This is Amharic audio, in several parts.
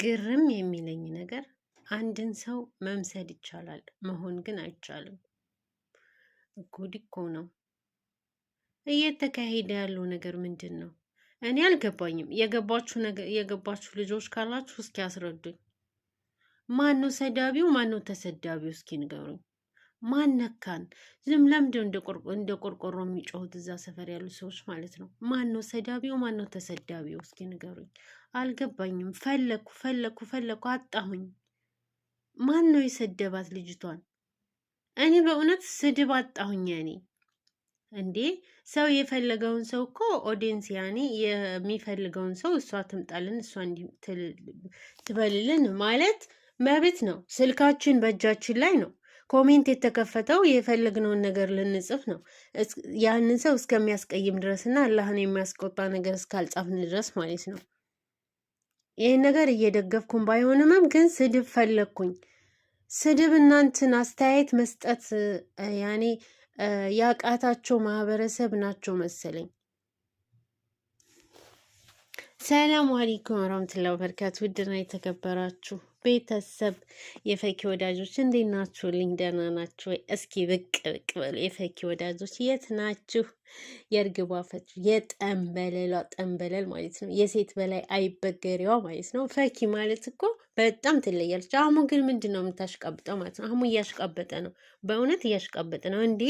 ግርም የሚለኝ ነገር አንድን ሰው መምሰል ይቻላል፣ መሆን ግን አይቻልም። ጉድ እኮ ነው። እየተካሄደ ያለው ነገር ምንድን ነው? እኔ አልገባኝም። የገባችሁ ልጆች ካላችሁ እስኪ አስረዱኝ። ማን ነው ሰዳቢው? ማን ነው ተሰዳቢው? እስኪ ንገሩኝ። ማነካን ዝም ለምንድነው እንደ ቆርቆሮ የሚጮሁት እዛ ሰፈር ያሉ ሰዎች ማለት ነው? ማን ነው ሰዳቢው? ማን ነው ተሰዳቢው? እስኪ ንገሩኝ። አልገባኝም። ፈለኩ ፈለኩ ፈለኩ አጣሁኝ። ማን ነው የሰደባት ልጅቷን? እኔ በእውነት ስድብ አጣሁኝ። ያኔ እንዴ ሰው የፈለገውን ሰው እኮ ኦዲየንስ ያኔ የሚፈልገውን ሰው እሷ ትምጣልን እሷ ትበልልን ማለት መብት ነው። ስልካችን በእጃችን ላይ ነው። ኮሜንት የተከፈተው የፈለግነውን ነገር ልንጽፍ ነው። ያንን ሰው እስከሚያስቀይም ድረስ እና አላህን የሚያስቆጣ ነገር እስካልጻፍን ድረስ ማለት ነው። ይህን ነገር እየደገፍኩም ባይሆንምም ግን ስድብ ፈለግኩኝ። ስድብ እናንትን አስተያየት መስጠት ያኔ ያቃታቸው ማህበረሰብ ናቸው መሰለኝ። ሰላም አለይኩም ወረህመቱላሂ ወበረካቱ። ውድና የተከበራችሁ ቤተሰብ የፈኪ ወዳጆች እንዴት ናችሁልኝ? ደህና ናችሁ ወይ? እስኪ ብቅ ብቅ በሉ የፈኪ ወዳጆች የት ናችሁ? የእርግቧ ፈች የጠንበለሏ ጠንበለል ማለት ነው፣ የሴት በላይ አይበገሪዋ ማለት ነው። ፈኪ ማለት እኮ በጣም ትለያለች። አህሙ ግን ምንድን ነው የምታሽቃብጠው ማለት ነው። አህሙ እያሽቃበጠ ነው፣ በእውነት እያሽቃበጠ ነው። እንዴ!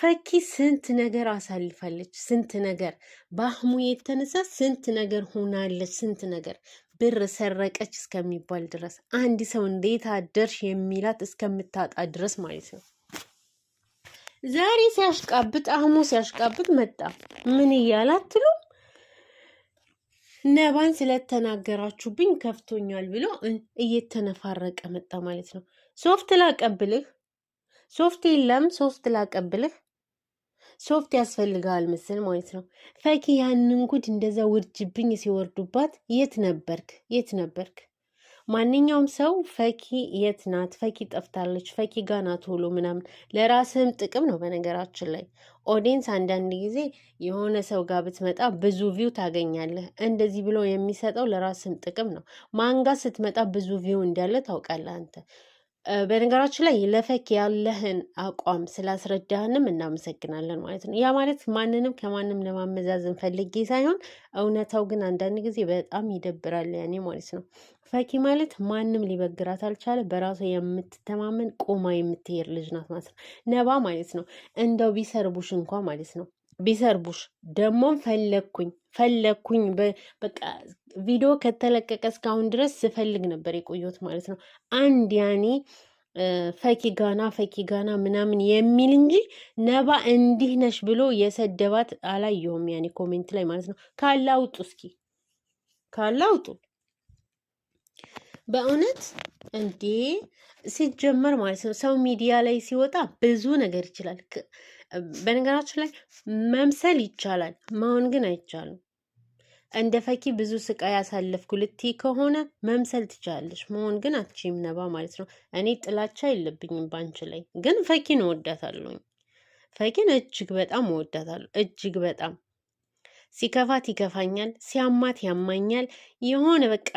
ፈኪ ስንት ነገር አሳልፋለች። ስንት ነገር በአህሙ የተነሳ ስንት ነገር ሆናለች። ስንት ነገር ብር ሰረቀች እስከሚባል ድረስ አንድ ሰው እንዴት አደርሽ የሚላት እስከምታጣ ድረስ ማለት ነው። ዛሬ ሲያሽቃብጥ አህሙ ሲያሽቃብጥ መጣ። ምን እያለ ነባን ስለተናገራችሁብኝ ከፍቶኛል ብሎ እየተነፋረቀ መጣ ማለት ነው። ሶፍት ላቀብልህ፣ ሶፍት የለም ሶፍት ላቀብልህ ሶፍት ያስፈልጋል ምስል ማለት ነው። ፈኪ ያንን ጉድ እንደዛ ውርጅብኝ ሲወርዱባት የት ነበርክ? የት ነበርክ? ማንኛውም ሰው ፈኪ የት ናት? ፈኪ ጠፍታለች፣ ፈኪ ጋ ናት ቶሎ ምናምን ለራስህም ጥቅም ነው። በነገራችን ላይ ኦዲንስ አንዳንድ ጊዜ የሆነ ሰው ጋር ብትመጣ ብዙ ቪው ታገኛለህ። እንደዚህ ብሎ የሚሰጠው ለራስህም ጥቅም ነው። ማንጋ ስትመጣ ብዙ ቪው እንዳለ ታውቃለህ አንተ በነገራችን ላይ ለፈክ ያለህን አቋም ስላስረዳህንም እናመሰግናለን ማለት ነው። ያ ማለት ማንንም ከማንም ለማመዛዘን ፈልጌ ሳይሆን እውነታው ግን አንዳንድ ጊዜ በጣም ይደብራል ያኔ ማለት ነው። ፈኪ ማለት ማንም ሊበግራት አልቻለ፣ በራሷ የምትተማመን ቆማ የምትሄድ ልጅ ናት ማለት ነው። ነባ ማለት ነው። እንደው ቢሰርቡሽ እንኳ ማለት ነው ቢሰርቡሽ ደግሞም ፈለግኩኝ ፈለግኩኝ በቃ ቪዲዮ ከተለቀቀ እስካሁን ድረስ ስፈልግ ነበር የቆየሁት ማለት ነው። አንድ ያኔ ፈኪ ጋና ፈኪ ጋና ምናምን የሚል እንጂ ነባ እንዲህ ነሽ ብሎ የሰደባት አላየሁም። ያኔ ኮሜንት ላይ ማለት ነው። ካላውጡ እስኪ ካላውጡ በእውነት እንዴ ሲጀመር ማለት ነው ሰው ሚዲያ ላይ ሲወጣ ብዙ ነገር ይችላል። በነገራችን ላይ መምሰል ይቻላል፣ መሆን ግን አይቻልም። እንደ ፈኪ ብዙ ስቃይ ያሳለፍኩ ልትይ ከሆነ መምሰል ትችላለች፣ መሆን ግን አትችይም። ነባ ማለት ነው። እኔ ጥላቻ የለብኝም በአንቺ ላይ፣ ግን ፈኪን እወዳታለሁኝ። ፈኪን እጅግ በጣም እወዳታለሁ፣ እጅግ በጣም ሲከፋት ይከፋኛል፣ ሲያማት ያማኛል። የሆነ በቃ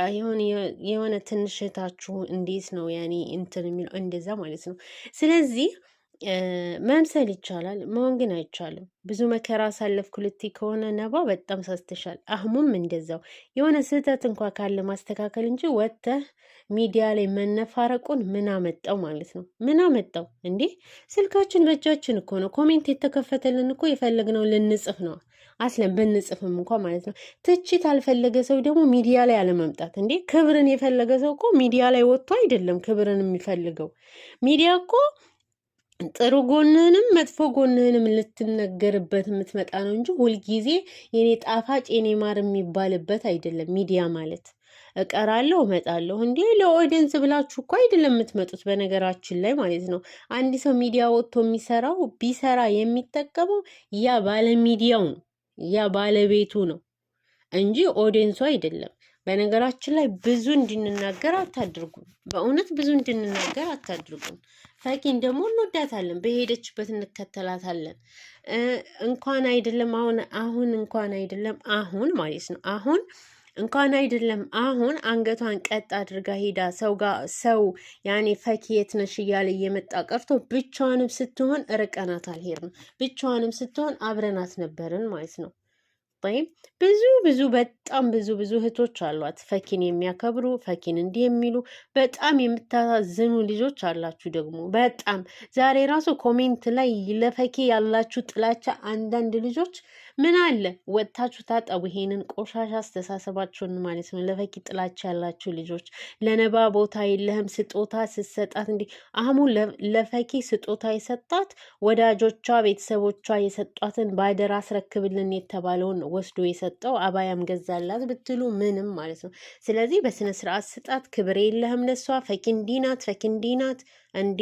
የሆነ ትንሽታችሁ እንዴት ነው ያኔ እንትን የሚለው እንደዛ ማለት ነው። ስለዚህ መምሰል ይቻላል፣ መሆን ግን አይቻልም። ብዙ መከራ አሳለፍኩ ልቲ ከሆነ ነባ በጣም ሳስተሻል። አህሙም እንደዛው የሆነ ስህተት እንኳ ካለ ማስተካከል እንጂ ወጥተህ ሚዲያ ላይ መነፋረቁን ምን አመጣው ማለት ነው? ምን አመጣው እንዴ? ስልካችን በእጃችን እኮ ነው። ኮሜንት የተከፈተልን እኮ የፈለግነው ልንጽፍ ነው። አስለን ብንጽፍም እንኳ ማለት ነው። ትችት አልፈለገ ሰው ደግሞ ሚዲያ ላይ አለመምጣት እንዴ! ክብርን የፈለገ ሰው እኮ ሚዲያ ላይ ወጥቶ አይደለም ክብርን የሚፈልገው ሚዲያ እኮ ጥሩ ጎንህንም መጥፎ ጎንህንም ልትነገርበት የምትመጣ ነው እንጂ ሁልጊዜ የኔ ጣፋጭ የኔ ማር የሚባልበት አይደለም። ሚዲያ ማለት እቀራለሁ እመጣለሁ እንዲህ ለኦዲየንስ ብላችሁ እኮ አይደለም የምትመጡት። በነገራችን ላይ ማለት ነው አንድ ሰው ሚዲያ ወጥቶ የሚሰራው ቢሰራ የሚጠቀመው ያ ባለሚዲያው ነው ያ ባለቤቱ ነው እንጂ ኦዲየንሱ አይደለም። በነገራችን ላይ ብዙ እንድንናገር አታድርጉም። በእውነት ብዙ እንድንናገር አታድርጉም። ፈኪን ደግሞ እንወዳታለን፣ በሄደችበት እንከተላታለን። እንኳን አይደለም አሁን አሁን እንኳን አይደለም አሁን ማለት ነው አሁን እንኳን አይደለም አሁን አንገቷን ቀጥ አድርጋ ሄዳ ሰው ጋር ሰው ያኔ ፈኪ የት ነሽ እያለ እየመጣ ቀርቶ ብቻዋንም ስትሆን ርቀናት አልሄድን፣ ብቻዋንም ስትሆን አብረናት ነበርን ማለት ነው። ወይም ብዙ ብዙ በጣም ብዙ ብዙ እህቶች አሏት። ፈኪን የሚያከብሩ ፈኪን እንዲህ የሚሉ በጣም የምታሳዝኑ ልጆች አላችሁ። ደግሞ በጣም ዛሬ ራሱ ኮሜንት ላይ ለፈኪ ያላችሁ ጥላቻ አንዳንድ ልጆች ምን አለ ወጥታችሁ ታጠቡ፣ ይሄንን ቆሻሻ አስተሳሰባችሁን ማለት ነው። ለፈኪ ጥላቻ ያላችሁ ልጆች ለነባ ቦታ የለህም። ስጦታ ስሰጣት እንዲ አህሙ ለፈኪ ስጦታ የሰጣት ወዳጆቿ ቤተሰቦቿ የሰጧትን ባደራ አስረክብልን የተባለውን ነው ወስዶ የሰጠው አባያም ገዛላት ብትሉ ምንም ማለት ነው። ስለዚህ በስነ ስርዓት ስጣት። ክብር የለህም ለሷ። ፈኪ እንዲህ ናት፣ ፈኪ እንዴ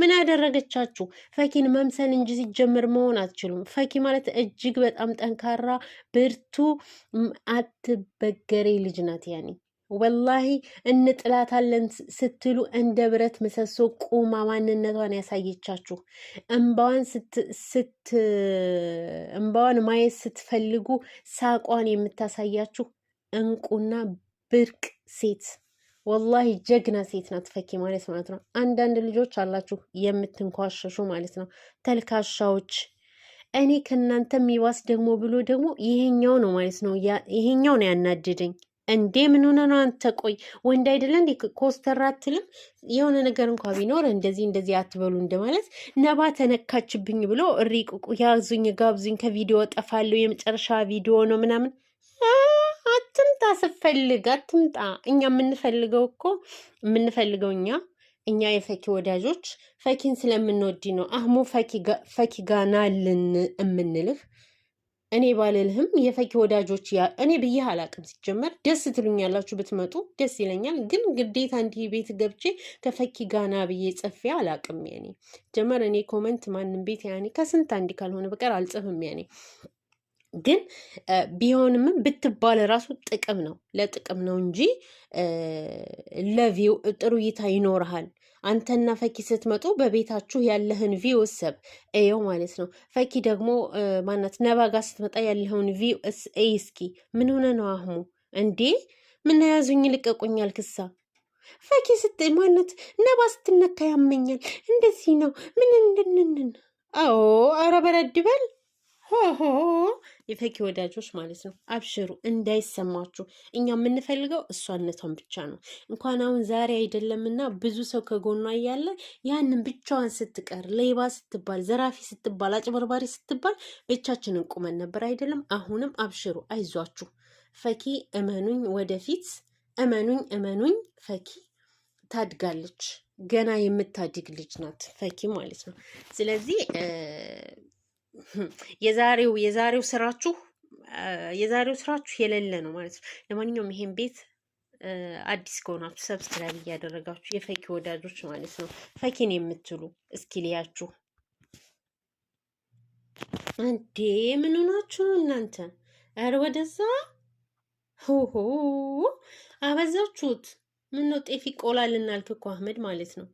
ምን ያደረገቻችሁ? ፈኪን መምሰል እንጂ ሲጀምር መሆን አትችሉም። ፈኪ ማለት እጅግ በጣም ጠንካራ ብርቱ፣ አትበገሬ ልጅ ናት ያኔ ወላሂ እንጥላታለን ስትሉ እንደ ብረት ምሰሶ ቁማ ማንነቷን ያሳየቻችሁ እምባዋን ስት እምባዋን ማየት ስትፈልጉ ሳቋን የምታሳያችሁ እንቁና ብርቅ ሴት ወላሂ ጀግና ሴት ናት ፈኪ ማለት ማለት ነው። አንዳንድ ልጆች አላችሁ የምትንኳሸሹ ማለት ነው፣ ተልካሻዎች እኔ ከእናንተ የሚባስ ደግሞ ብሎ ደግሞ ይሄኛው ነው ማለት ነው። ይሄኛው ነው ያናድደኝ። እንዴ ምን ሆነ ነው አንተ? ቆይ ወንድ አይደለ እንዴ? ኮስተር አትልም? የሆነ ነገር እንኳ ቢኖር እንደዚህ እንደዚህ አትበሉ እንደማለት። ነባ ተነካችብኝ ብሎ እሪቁቁ ያዙኝ፣ ጋብዙኝ፣ ከቪዲዮ ጠፋለሁ፣ የመጨረሻ ቪዲዮ ነው ምናምን። አትምጣ ስፈልግ አትምጣ። እኛ የምንፈልገው እኮ የምንፈልገው እኛ እኛ የፈኪ ወዳጆች ፈኪን ስለምንወድ ነው። አህሙ ፈኪ ጋናልን የምንልህ እኔ ባልልህም የፈኪ ወዳጆች እኔ ብዬ አላቅም። ሲጀመር ደስ ትሉኛላችሁ ብትመጡ ደስ ይለኛል፣ ግን ግዴታ እንዲህ ቤት ገብቼ ከፈኪ ጋና ብዬ ጽፌ አላቅም። ያኔ ጀመር እኔ ኮመንት ማንም ቤት ያኔ ከስንት አንድ ካልሆነ በቀር አልጽፍም ያኔ ግን ቢሆንም ብትባል ራሱ ጥቅም ነው፣ ለጥቅም ነው እንጂ ለቪው ጥሩ እይታ ይኖርሃል። አንተና ፈኪ ስትመጡ በቤታችሁ ያለህን ቪው እሰብ እየው ማለት ነው። ፈኪ ደግሞ ማናት ነባጋ ስትመጣ ያለህን ቪው እይ እስኪ። ምን ሆነ ነው አህሙ እንዴ? ምን ያዙኝ ልቀቁኛል ክሳ ፈኪ ስት ማለት ነባ ስትነካ ያመኛል። እንደዚህ ነው ምን እንድንንን አዎ አረ በረድበል ሆሆ የፈኪ ወዳጆች ማለት ነው። አብሽሩ እንዳይሰማችሁ። እኛ የምንፈልገው እሷነቷን ብቻ ነው። እንኳን አሁን ዛሬ አይደለምና ብዙ ሰው ከጎኗ እያለ ያንን ብቻዋን ስትቀር ሌባ ስትባል፣ ዘራፊ ስትባል፣ አጭበርባሪ ስትባል ብቻችንን ቁመን ነበር አይደለም። አሁንም አብሽሩ፣ አይዟችሁ ፈኪ። እመኑኝ፣ ወደፊት እመኑኝ፣ እመኑኝ ፈኪ ታድጋለች። ገና የምታድግ ልጅ ናት ፈኪ ማለት ነው። ስለዚህ የዛሬው የዛሬው ስራችሁ የዛሬው ስራችሁ የሌለ ነው ማለት ነው። ለማንኛውም ይሄን ቤት አዲስ ከሆናችሁ ሰብስክራይብ እያደረጋችሁ የፈኪ ወዳጆች ማለት ነው ፈኪን የምትሉ እስኪ ልያችሁ እንዴ ምን ሆናችሁ እናንተ? ኧረ ወደዛ ሆሆ አበዛችሁት። ምን ነው ጤፍ ይቆላል እናልክ እኮ አህመድ ማለት ነው።